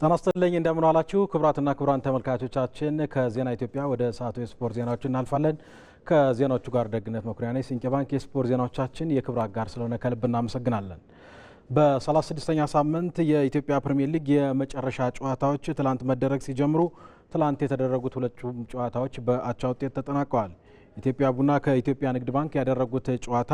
ጤና ይስጥልኝ እንደምን ዋላችሁ ክቡራትና ክቡራን ተመልካቾቻችን። ከዜና ኢትዮጵያ ወደ ሰዓቱ የስፖርት ዜናዎች እናልፋለን። ከዜናዎቹ ጋር ደግነት መኩሪያ ነኝ። ሲንቄ ባንክ የስፖርት ዜናዎቻችን የክብር አጋር ስለሆነ ከልብ እናመሰግናለን። በ36ኛ ሳምንት የኢትዮጵያ ፕሪምየር ሊግ የመጨረሻ ጨዋታዎች ትላንት መደረግ ሲጀምሩ ትላንት የተደረጉት ሁለቱም ጨዋታዎች በአቻ ውጤት ተጠናቀዋል። ኢትዮጵያ ቡና ከኢትዮጵያ ንግድ ባንክ ያደረጉት ጨዋታ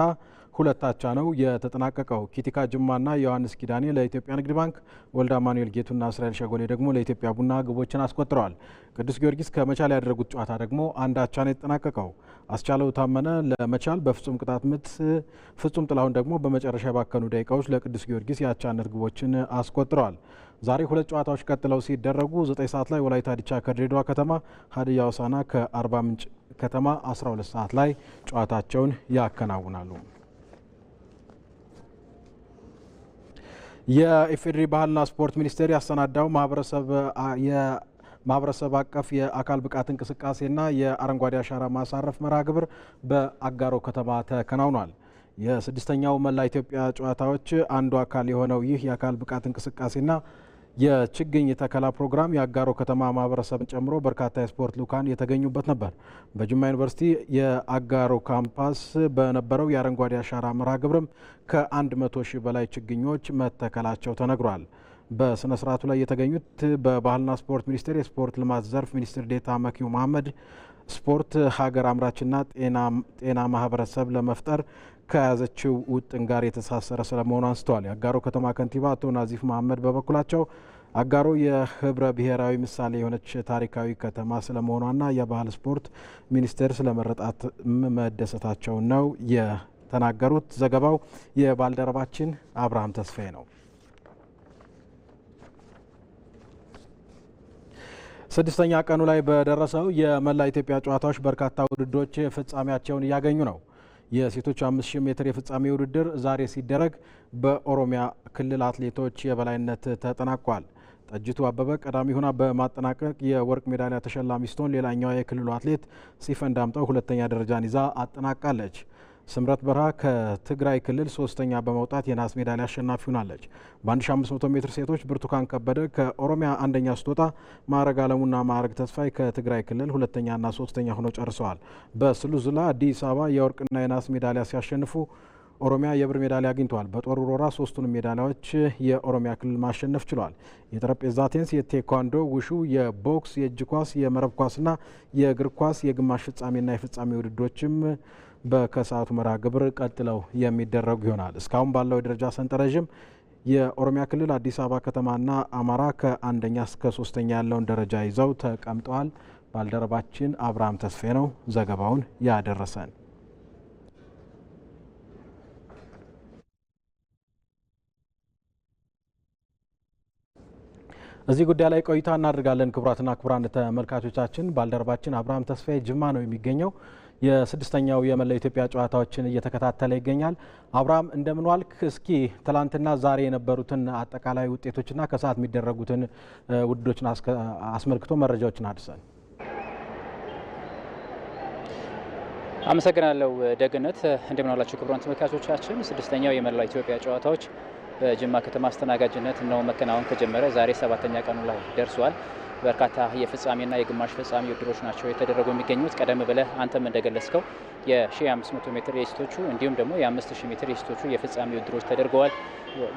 ሁለት አቻ ነው የተጠናቀቀው። ኪቲካ ጅማና ዮሐንስ ኪዳኔ ለኢትዮጵያ ንግድ ባንክ፣ ወልደ አማኑኤል ጌቱና እስራኤል ሸጎሌ ደግሞ ለኢትዮጵያ ቡና ግቦችን አስቆጥረዋል። ቅዱስ ጊዮርጊስ ከመቻል ያደረጉት ጨዋታ ደግሞ አንድ አቻ ነው የተጠናቀቀው። አስቻለው ታመነ ለመቻል በፍጹም ቅጣት ምት፣ ፍጹም ጥላሁን ደግሞ በመጨረሻ የባከኑ ደቂቃዎች ለቅዱስ ጊዮርጊስ የአቻነት ግቦችን አስቆጥረዋል። ዛሬ ሁለት ጨዋታዎች ቀጥለው ሲደረጉ ዘጠኝ ሰዓት ላይ ወላይታ ዲቻ ከድሬዳዋ ከተማ፣ ሀዲያ ውሳና ከአርባ ምንጭ ከተማ 12 ሰዓት ላይ ጨዋታቸውን ያከናውናሉ። የኢፌዴሪ ባህልና ስፖርት ሚኒስቴር ያሰናዳው ማህበረሰብ ማህበረሰብ አቀፍ የአካል ብቃት እንቅስቃሴና የአረንጓዴ አሻራ ማሳረፍ መርሃ ግብር በአጋሮ ከተማ ተከናውኗል። የስድስተኛው መላ ኢትዮጵያ ጨዋታዎች አንዱ አካል የሆነው ይህ የአካል ብቃት እንቅስቃሴና የችግኝ ተከላ ፕሮግራም የአጋሮ ከተማ ማህበረሰብን ጨምሮ በርካታ የስፖርት ልኡካን የተገኙበት ነበር። በጅማ ዩኒቨርሲቲ የአጋሮ ካምፓስ በነበረው የአረንጓዴ አሻራ መርሃ ግብርም ከ100 ሺህ በላይ ችግኞች መተከላቸው ተነግሯል። በስነ ስርዓቱ ላይ የተገኙት በባህልና ስፖርት ሚኒስቴር የስፖርት ልማት ዘርፍ ሚኒስትር ዴታ መኪው መሀመድ ስፖርት ሀገር አምራችና ጤና ማህበረሰብ ለመፍጠር ከያዘችው ውጥን ጋር የተሳሰረ ስለመሆኑ አንስተዋል። የአጋሮ ከተማ ከንቲባ አቶ ናዚፍ መሀመድ በበኩላቸው አጋሮ የህብረ ብሔራዊ ምሳሌ የሆነች ታሪካዊ ከተማ ስለመሆኗና የባህል ስፖርት ሚኒስቴር ስለመረጣት መደሰታቸውን ነው የተናገሩት። ዘገባው የባልደረባችን አብርሃም ተስፋዬ ነው። ስድስተኛ ቀኑ ላይ በደረሰው የመላ ኢትዮጵያ ጨዋታዎች በርካታ ውድድሮች ፍጻሜያቸውን እያገኙ ነው። የሴቶች 5000 ሜትር የፍጻሜ ውድድር ዛሬ ሲደረግ በኦሮሚያ ክልል አትሌቶች የበላይነት ተጠናቋል። ጠጅቱ አበበ ቀዳሚ ሆና በማጠናቀቅ የወርቅ ሜዳሊያ ተሸላሚ ስትሆን ሌላኛዋ የክልሉ አትሌት ሲፈን ዳምጠው ሁለተኛ ደረጃን ይዛ አጠናቃለች። ስምረት በረሃ ከትግራይ ክልል ሶስተኛ በመውጣት የናስ ሜዳሊያ አሸናፊ ሆናለች። በ1500 ሜትር ሴቶች ብርቱካን ከበደ ከኦሮሚያ አንደኛ ስትወጣ ማዕረግ አለሙና ማዕረግ ተስፋይ ከትግራይ ክልል ሁለተኛና ሶስተኛ ሆነው ጨርሰዋል። በስሉዝላ አዲስ አበባ የወርቅና የናስ ሜዳሊያ ሲያሸንፉ ኦሮሚያ የብር ሜዳሊያ አግኝተዋል። በጦር ውርወራ ሶስቱንም ሜዳሊያዎች የኦሮሚያ ክልል ማሸነፍ ችሏል። የጠረጴዛ ቴኒስ፣ የቴኳንዶ፣ ውሹ፣ የቦክስ፣ የእጅ ኳስ፣ የመረብ ኳስና የእግር ኳስ የግማሽ ፍጻሜና የፍጻሜ ውድድሮችም በከሰዓቱ መርሃ ግብር ቀጥለው የሚደረጉ ይሆናል። እስካሁን ባለው የደረጃ ሰንጠረዥም የኦሮሚያ ክልል አዲስ አበባ ከተማና አማራ ከአንደኛ እስከ ሶስተኛ ያለውን ደረጃ ይዘው ተቀምጠዋል። ባልደረባችን አብርሃም ተስፌ ነው ዘገባውን ያደረሰን። እዚህ ጉዳይ ላይ ቆይታ እናደርጋለን። ክቡራትና ክቡራን ተመልካቾቻችን ባልደረባችን አብርሃም ተስፋዬ ጅማ ነው የሚገኘው። የስድስተኛው የመላ ኢትዮጵያ ጨዋታዎችን እየተከታተለ ይገኛል። አብርሃም እንደምን ዋልክ? እስኪ ትላንትና ዛሬ የነበሩትን አጠቃላይ ውጤቶችና ከሰዓት የሚደረጉትን ውድዶችን አስመልክቶ መረጃዎችን አድርሰን። አመሰግናለሁ ደግነት። እንደምን ዋላችሁ ክቡራን ተመልካቾቻችን። ስድስተኛው የመላው ኢትዮጵያ ጨዋታዎች በጅማ ከተማ አስተናጋጅነት ነው መከናወን ከጀመረ ዛሬ ሰባተኛ ቀኑ ላይ ደርሷል። በርካታ የፍጻሜና የግማሽ ፍጻሜ ውድድሮች ናቸው የተደረጉ የሚገኙት። ቀደም ብለህ አንተም እንደገለጽከው የ1500 ሜትር የሴቶቹ እንዲሁም ደግሞ የ5000 ሜትር የሴቶቹ የፍጻሜ ውድድሮች ተደርገዋል።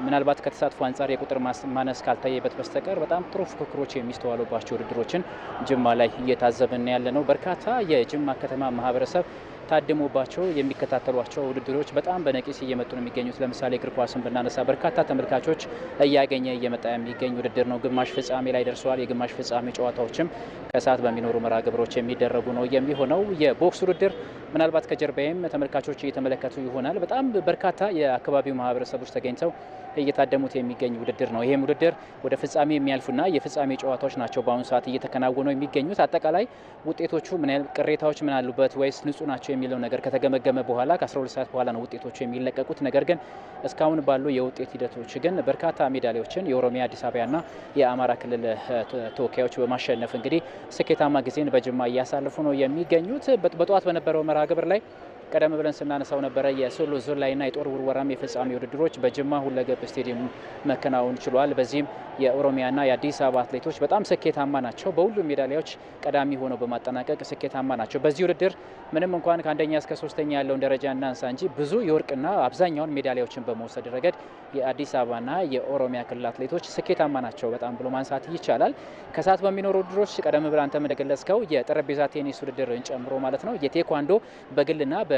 ምናልባት ከተሳትፎ አንጻር የቁጥር ማነስ ካልታየበት በስተቀር በጣም ጥሩ ፉክክሮች የሚስተዋሉባቸው ውድድሮችን ጅማ ላይ እየታዘብን ያለ ነው። በርካታ የጅማ ከተማ ማህበረሰብ ታድሞባቸው የሚከታተሏቸው ውድድሮች በጣም በነቂስ እየመጡ ነው የሚገኙት። ለምሳሌ እግር ኳስን ብናነሳ በርካታ ተመልካቾች እያገኘ እየመጣ የሚገኝ ውድድር ነው። ግማሽ ፍጻሜ ላይ ደርሰዋል። የግማሽ ፍጻሜ ፍጻሜ ጨዋታዎችም ከሰዓት በሚኖሩ መርሃ ግብሮች የሚደረጉ ነው የሚሆነው። የቦክስ ውድድር ምናልባት ከጀርባዬም ተመልካቾች እየተመለከቱ ይሆናል። በጣም በርካታ የአካባቢው ማህበረሰቦች ተገኝተው እየታደሙት የሚገኝ ውድድር ነው። ይህም ውድድር ወደ ፍጻሜ የሚያልፉና የፍጻሜ ጨዋታዎች ናቸው በአሁኑ ሰዓት እየተከናወኑ የሚገኙት። አጠቃላይ ውጤቶቹ ምን ያህል ቅሬታዎች ምን አሉበት ወይስ ንጹህ ናቸው የሚለው ነገር ከተገመገመ በኋላ ከ12 ሰዓት በኋላ ነው ውጤቶቹ የሚለቀቁት። ነገር ግን እስካሁን ባሉ የውጤት ሂደቶች ግን በርካታ ሜዳሊያዎችን የኦሮሚያ አዲስ አበባና የአማራ ክልል ተወካዮች ጉዳዮች በማሸነፍ እንግዲህ ስኬታማ ጊዜን በጅማ እያሳለፉ ነው የሚገኙት። በጠዋት በነበረው መርሃ ግብር ላይ ቀደም ብለን ስናነሳው ነበረ የሶሎ ዞን ላይና የጦር ውርወራም የፍጻሜ ውድድሮች በጅማ ሁለገብ ስቴዲየም መከናወን ችሏል። በዚህም የኦሮሚያና የአዲስ አበባ አትሌቶች በጣም ስኬታማ ናቸው። በሁሉም ሜዳሊያዎች ቀዳሚ ሆነው በማጠናቀቅ ስኬታማ ናቸው። በዚህ ውድድር ምንም እንኳን ከአንደኛ እስከ ሶስተኛ ያለውን ደረጃ እናንሳ እንጂ ብዙ የወርቅና አብዛኛውን ሜዳሊያዎችን በመውሰድ ረገድ የአዲስ አበባና የኦሮሚያ ክልል አትሌቶች ስኬታማ ናቸው በጣም ብሎ ማንሳት ይቻላል። ከሰዓት በሚኖሩ ውድድሮች ቀደም ብለን አንተም እንደገለጽከው የጠረጴዛ ቴኒስ ውድድርን ጨምሮ ማለት ነው የቴኳንዶ በግልና በ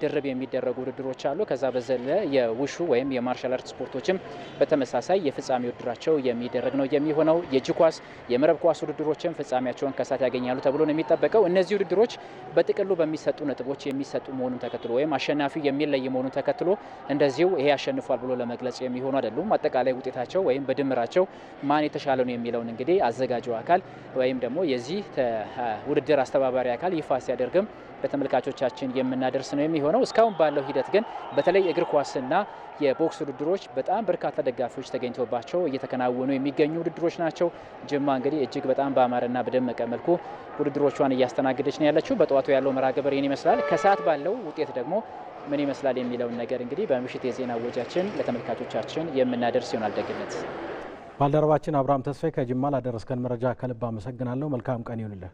በድርብ የሚደረጉ ውድድሮች አሉ። ከዛ በዘለ የውሹ ወይም የማርሻል አርት ስፖርቶችም በተመሳሳይ የፍጻሜ ውድድራቸው የሚደረግ ነው የሚሆነው። የእጅ ኳስ፣ የመረብ ኳስ ውድድሮችም ፍጻሜያቸውን ከሳት ያገኛሉ ተብሎ ነው የሚጠበቀው። እነዚህ ውድድሮች በጥቅሉ በሚሰጡ ነጥቦች የሚሰጡ መሆኑን ተከትሎ ወይም አሸናፊው የሚለይ መሆኑን ተከትሎ እንደዚሁ ይሄ አሸንፏል ብሎ ለመግለጽ የሚሆኑ አይደሉም። አጠቃላይ ውጤታቸው ወይም በድምራቸው ማን የተሻለ ነው የሚለውን እንግዲህ አዘጋጁ አካል ወይም ደግሞ የዚህ ውድድር አስተባባሪ አካል ይፋ ሲያደርግም ለተመልካቾቻችን የምናደርስ ነው የሚሆነው። እስካሁን ባለው ሂደት ግን በተለይ እግር ኳስና የቦክስ ውድድሮች በጣም በርካታ ደጋፊዎች ተገኝተባቸው እየተከናወኑ የሚገኙ ውድድሮች ናቸው። ጅማ እንግዲህ እጅግ በጣም በአማረና በደመቀ መልኩ ውድድሮቿን እያስተናገደች ነው ያለችው። በጠዋቱ ያለው መርሃ ግብር ይህን ይመስላል። ከሰዓት ባለው ውጤት ደግሞ ምን ይመስላል የሚለውን ነገር እንግዲህ በምሽት የዜና ወጃችን ለተመልካቾቻችን የምናደርስ ይሆናል። ደግነት ባልደረባችን አብርሃም ተስፋዬ ከጅማ ላደረስከን መረጃ ከልብ አመሰግናለሁ። መልካም ቀን ይሁንልህ።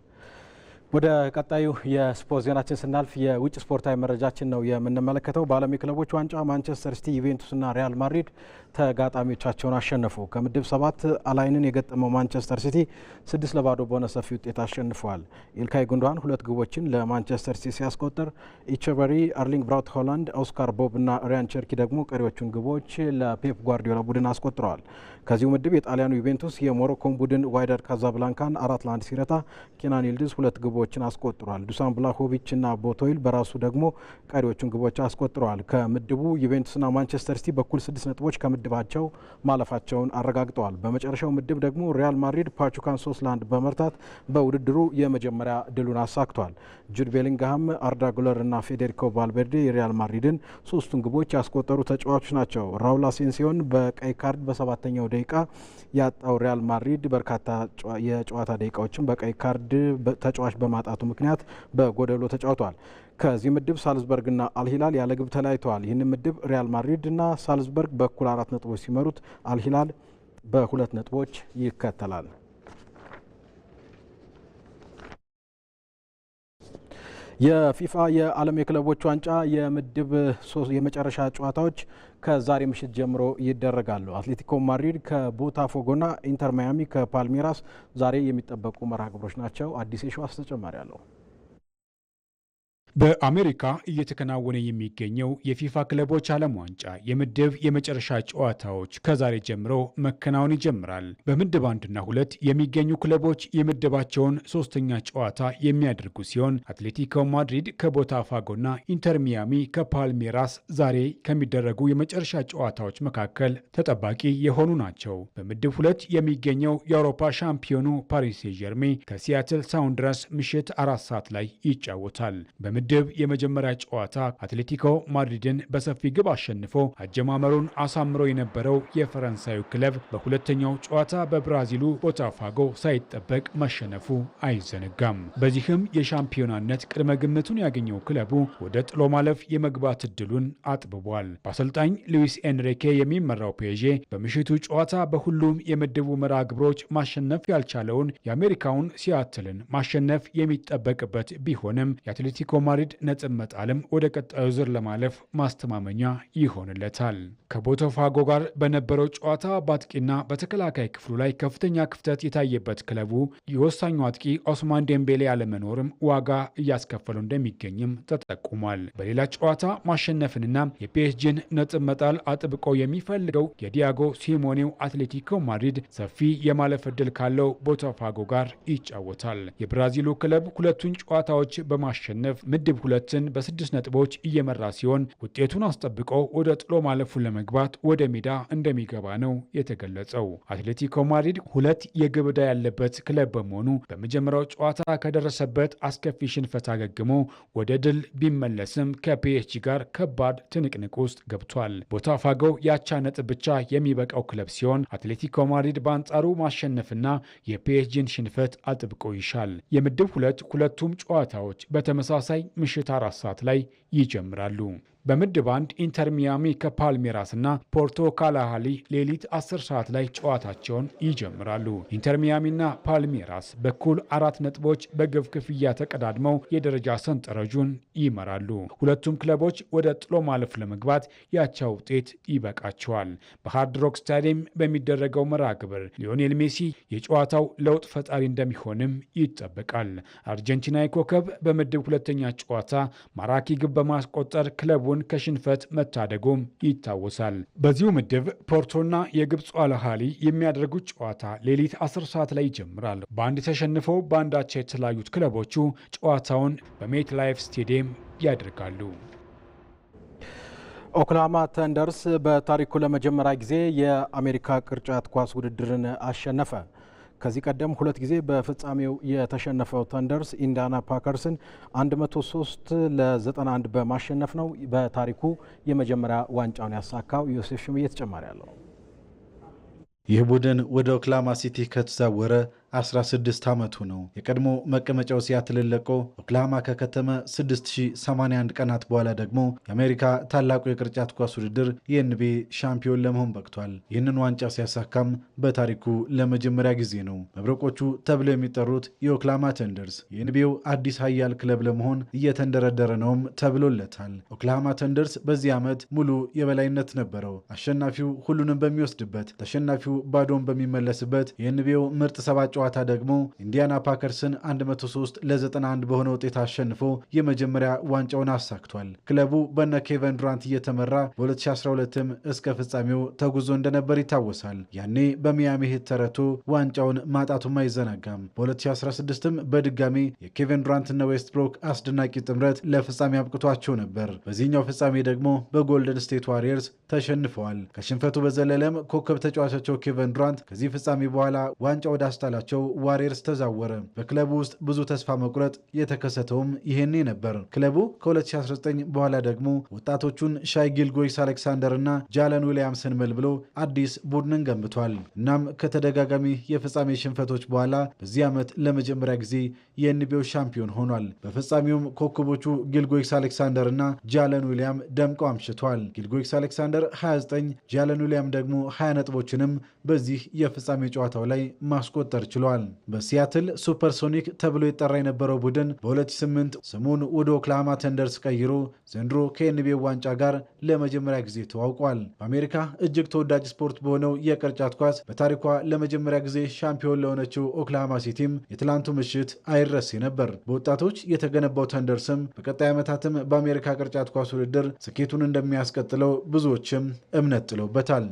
ወደ ቀጣዩ የስፖርት ዜናችን ስናልፍ የውጭ ስፖርታዊ መረጃችን ነው የምንመለከተው። በዓለም የክለቦች ዋንጫ ማንቸስተር ሲቲ፣ ዩቬንቱስና ሪያል ማድሪድ ተጋጣሚዎቻቸውን አሸነፉ። ከምድብ ሰባት አላይንን የገጠመው ማንቸስተር ሲቲ ስድስት ለባዶ በሆነ ሰፊ ውጤት አሸንፏል። ኢልካይ ጉንዶሃን ሁለት ግቦችን ለማንቸስተር ሲቲ ሲያስቆጥር ኢቸበሪ፣ አርሊንግ ብራውት ሆላንድ፣ ኦስካር ቦብ እና ሪያን ቸርኪ ደግሞ ቀሪዎቹን ግቦች ለፔፕ ጓርዲዮላ ቡድን አስቆጥረዋል። ከዚሁ ምድብ የጣሊያኑ ዩቬንቱስ የሞሮኮን ቡድን ዋይደር ካዛብላንካን አራት ለአንድ ሲረታ ኬናን ይልድዝ ሁለት ግቦ ግቦችን አስቆጥሯል። ዱሳን ብላሆቪችና ቦቶይል በራሱ ደግሞ ቀሪዎቹን ግቦች አስቆጥረዋል። ከምድቡ ዩቬንቱስና ማንቸስተር ሲቲ በኩል ስድስት ነጥቦች ከምድባቸው ማለፋቸውን አረጋግጠዋል። በመጨረሻው ምድብ ደግሞ ሪያል ማድሪድ ፓቹካን ሶስት ለአንድ በመርታት በውድድሩ የመጀመሪያ ድሉን አሳክቷል። ጁድ ቤሊንግሃም፣ አርዳ ጉለርና ፌዴሪኮ ቫልቬርዴ የሪያል ማድሪድን ሶስቱን ግቦች ያስቆጠሩ ተጫዋቾች ናቸው። ራውል አሴንሲዮን በቀይ ካርድ በሰባተኛው ደቂቃ ያጣው ሪያል ማድሪድ በርካታ የጨዋታ ደቂቃዎችን በቀይ ካርድ ተጫዋች በማጣቱ ምክንያት በጎደሎ ተጫውተዋል። ከዚህ ምድብ ሳልዝበርግና አልሂላል ያለ ግብ ተለያይተዋል። ይህን ምድብ ሪያል ማድሪድና ሳልዝበርግ በኩል አራት ነጥቦች ሲመሩት፣ አልሂላል በሁለት ነጥቦች ይከተላል። የፊፋ የዓለም የክለቦች ዋንጫ የምድብ የመጨረሻ ጨዋታዎች ከዛሬ ምሽት ጀምሮ ይደረጋሉ። አትሌቲኮ ማድሪድ ከቦታፎጎና ኢንተር ማያሚ ከፓልሜራስ ዛሬ የሚጠበቁ መርሃ ግብሮች ናቸው። አዲስ የሸዋስ ተጨማሪ አለው። በአሜሪካ እየተከናወነ የሚገኘው የፊፋ ክለቦች ዓለም ዋንጫ የምድብ የመጨረሻ ጨዋታዎች ከዛሬ ጀምሮ መከናወን ይጀምራል። በምድብ አንድና ሁለት የሚገኙ ክለቦች የምድባቸውን ሶስተኛ ጨዋታ የሚያደርጉ ሲሆን አትሌቲኮ ማድሪድ ከቦታፋጎና ኢንተር ሚያሚ ከፓልሜራስ ዛሬ ከሚደረጉ የመጨረሻ ጨዋታዎች መካከል ተጠባቂ የሆኑ ናቸው። በምድብ ሁለት የሚገኘው የአውሮፓ ሻምፒዮኑ ፓሪስ ጀርሜ ዠርሜን ከሲያትል ሳውንድረስ ምሽት አራት ሰዓት ላይ ይጫወታል። ምድብ የመጀመሪያ ጨዋታ አትሌቲኮ ማድሪድን በሰፊ ግብ አሸንፎ አጀማመሩን አሳምሮ የነበረው የፈረንሳዩ ክለብ በሁለተኛው ጨዋታ በብራዚሉ ቦታፋጎ ሳይጠበቅ መሸነፉ አይዘነጋም። በዚህም የሻምፒዮናነት ቅድመ ግምቱን ያገኘው ክለቡ ወደ ጥሎ ማለፍ የመግባት እድሉን አጥብቧል። በአሰልጣኝ ሉዊስ ኤንሪኬ የሚመራው ፔዤ በምሽቱ ጨዋታ በሁሉም የምድቡ መርሃ ግብሮች ማሸነፍ ያልቻለውን የአሜሪካውን ሲያትልን ማሸነፍ የሚጠበቅበት ቢሆንም የአትሌቲኮ ማድሪድ ነጥብ መጣልም ወደ ቀጣዩ ዙር ለማለፍ ማስተማመኛ ይሆንለታል። ከቦታፎጎ ጋር በነበረው ጨዋታ በአጥቂና በተከላካይ ክፍሉ ላይ ከፍተኛ ክፍተት የታየበት ክለቡ የወሳኙ አጥቂ ኦስማን ዴምቤሌ አለመኖርም ዋጋ እያስከፈለው እንደሚገኝም ተጠቁሟል። በሌላ ጨዋታ ማሸነፍንና የፒኤስጂን ነጥብ መጣል አጥብቆ የሚፈልገው የዲያጎ ሲሞኔው አትሌቲኮ ማድሪድ ሰፊ የማለፍ ዕድል ካለው ቦታፋጎ ጋር ይጫወታል። የብራዚሉ ክለብ ሁለቱን ጨዋታዎች በማሸነፍ ምድብ ሁለትን በስድስት ነጥቦች እየመራ ሲሆን ውጤቱን አስጠብቆ ወደ ጥሎ ማለፉን ለመግባት ወደ ሜዳ እንደሚገባ ነው የተገለጸው። አትሌቲኮ ማድሪድ ሁለት የግብ ዕዳ ያለበት ክለብ በመሆኑ በመጀመሪያው ጨዋታ ከደረሰበት አስከፊ ሽንፈት አገግሞ ወደ ድል ቢመለስም ከፒኤስጂ ጋር ከባድ ትንቅንቅ ውስጥ ገብቷል። ቦታፋጎው ያቻ ነጥብ ብቻ የሚበቃው ክለብ ሲሆን አትሌቲኮ ማድሪድ በአንጻሩ ማሸነፍና የፒኤስጂን ሽንፈት አጥብቆ ይሻል። የምድብ ሁለት ሁለቱም ጨዋታዎች በተመሳሳይ ምሽት አራት ሰዓት ላይ ይጀምራሉ። በምድብ አንድ ኢንተር ሚያሚ ከፓልሜራስ እና ፖርቶ ካላሃሊ ሌሊት 10 ሰዓት ላይ ጨዋታቸውን ይጀምራሉ። ኢንተር ሚያሚና ፓልሜራስ በኩል አራት ነጥቦች በግብ ክፍያ ተቀዳድመው የደረጃ ሰንጠረዡን ይመራሉ። ሁለቱም ክለቦች ወደ ጥሎ ማለፍ ለመግባት ያቻ ውጤት ይበቃቸዋል። በሃርድሮክ ስታዲየም በሚደረገው መርሃ ግብር ሊዮኔል ሜሲ የጨዋታው ለውጥ ፈጣሪ እንደሚሆንም ይጠበቃል። አርጀንቲና ኮከብ በምድብ ሁለተኛ ጨዋታ ማራኪ ግብ በማስቆጠር ክለቡን ሊጉን ከሽንፈት መታደጉም ይታወሳል። በዚሁ ምድብ ፖርቶና የግብፅ አልሃሊ የሚያደርጉት ጨዋታ ሌሊት 10 ሰዓት ላይ ይጀምራል። በአንድ ተሸንፈው በአንዳቸው የተለያዩት ክለቦቹ ጨዋታውን በሜት ላይፍ ስቴዲየም ያደርጋሉ። ኦክላማ ተንደርስ በታሪኩ ለመጀመሪያ ጊዜ የአሜሪካ ቅርጫት ኳስ ውድድርን አሸነፈ። ከዚህ ቀደም ሁለት ጊዜ በፍጻሜው የተሸነፈው ተንደርስ ኢንዳና ፓከርስን 103 ለ91 በማሸነፍ ነው በታሪኩ የመጀመሪያ ዋንጫውን ያሳካው። ዮሴፍ ሽምዬ ተጨማሪ አለው። ይህ ቡድን ወደ ኦክላማ ሲቲ ከተዛወረ 16 ዓመቱ ነው። የቀድሞ መቀመጫው ሲያትልን ለቆ ኦክላሃማ ከከተመ 6081 ቀናት በኋላ ደግሞ የአሜሪካ ታላቁ የቅርጫት ኳስ ውድድር የኤንቢኤ ሻምፒዮን ለመሆን በቅቷል። ይህንን ዋንጫ ሲያሳካም በታሪኩ ለመጀመሪያ ጊዜ ነው። መብረቆቹ ተብለው የሚጠሩት የኦክላሃማ ተንደርስ የኤንቢኤው አዲስ ሀያል ክለብ ለመሆን እየተንደረደረ ነውም ተብሎለታል። ኦክላሃማ ተንደርስ በዚህ ዓመት ሙሉ የበላይነት ነበረው። አሸናፊው ሁሉንም በሚወስድበት፣ ተሸናፊው ባዶን በሚመለስበት የኤንቢኤው ምርጥ ሰባጭ ጨዋታ ደግሞ ኢንዲያና ፓከርስን 103 ለ91 በሆነ ውጤት አሸንፎ የመጀመሪያ ዋንጫውን አሳክቷል። ክለቡ በነ ኬቨን ዱራንት እየተመራ በ2012ም እስከ ፍጻሜው ተጉዞ እንደነበር ይታወሳል። ያኔ በሚያሚ ሂት ተረቱ ዋንጫውን ማጣቱም አይዘነጋም። በ2016ም በድጋሚ የኬቨን ዱራንትና ብሮክ አስደናቂ ጥምረት ለፍጻሜ አብቅቷቸው ነበር። በዚህኛው ፍጻሜ ደግሞ በጎልደን ስቴት ዋሪየርስ ተሸንፈዋል። ከሽንፈቱ በዘለለም ኮከብ ተጫዋቻቸው ኬቨን ዱራንት ከዚህ ፍጻሜ በኋላ ዋንጫ ወደ ወዳላቸው ዋሪየርስ ተዛወረ። በክለቡ ውስጥ ብዙ ተስፋ መቁረጥ የተከሰተውም ይሄኔ ነበር። ክለቡ ከ2019 በኋላ ደግሞ ወጣቶቹን ሻይ ጊልጎይስ አሌክሳንደር እና ጃለን መል መልምሎ አዲስ ቡድንን ገንብቷል። እናም ከተደጋጋሚ የፍጻሜ ሽንፈቶች በኋላ በዚህ ዓመት ለመጀመሪያ ጊዜ የኤንቢኤው ሻምፒዮን ሆኗል። በፍጻሜውም ኮከቦቹ ጊልጎክስ አሌክሳንደር እና ጃለን ዊሊያም ደምቀው አምሽቷል። ጊልጎክስ አሌክሳንደር 29፣ ጃለን ዊሊያም ደግሞ 20 ነጥቦችንም በዚህ የፍጻሜ ጨዋታው ላይ ማስቆጠር ችሏል። በሲያትል ሱፐርሶኒክ ተብሎ የጠራ የነበረው ቡድን በ2008 ስሙን ወደ ኦክላሃማ ተንደርስ ቀይሮ ዘንድሮ ከኤንቢኤው ዋንጫ ጋር ለመጀመሪያ ጊዜ ተዋውቋል። በአሜሪካ እጅግ ተወዳጅ ስፖርት በሆነው የቅርጫት ኳስ በታሪኳ ለመጀመሪያ ጊዜ ሻምፒዮን ለሆነችው ኦክላሃማ ሲቲም የትላንቱ ምሽት አይር ደረሴ ነበር። በወጣቶች የተገነባው ተንደር ስም በቀጣይ ዓመታትም በአሜሪካ ቅርጫት ኳስ ውድድር ስኬቱን እንደሚያስቀጥለው ብዙዎችም እምነት ጥለውበታል።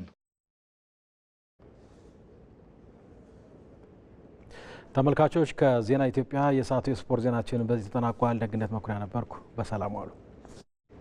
ተመልካቾች ከዜና ኢትዮጵያ የሰዓቱ የስፖርት ዜናችን በዚህ ተጠናቋል። ደግነት መኩሪያ ነበርኩ። በሰላም ዋሉ።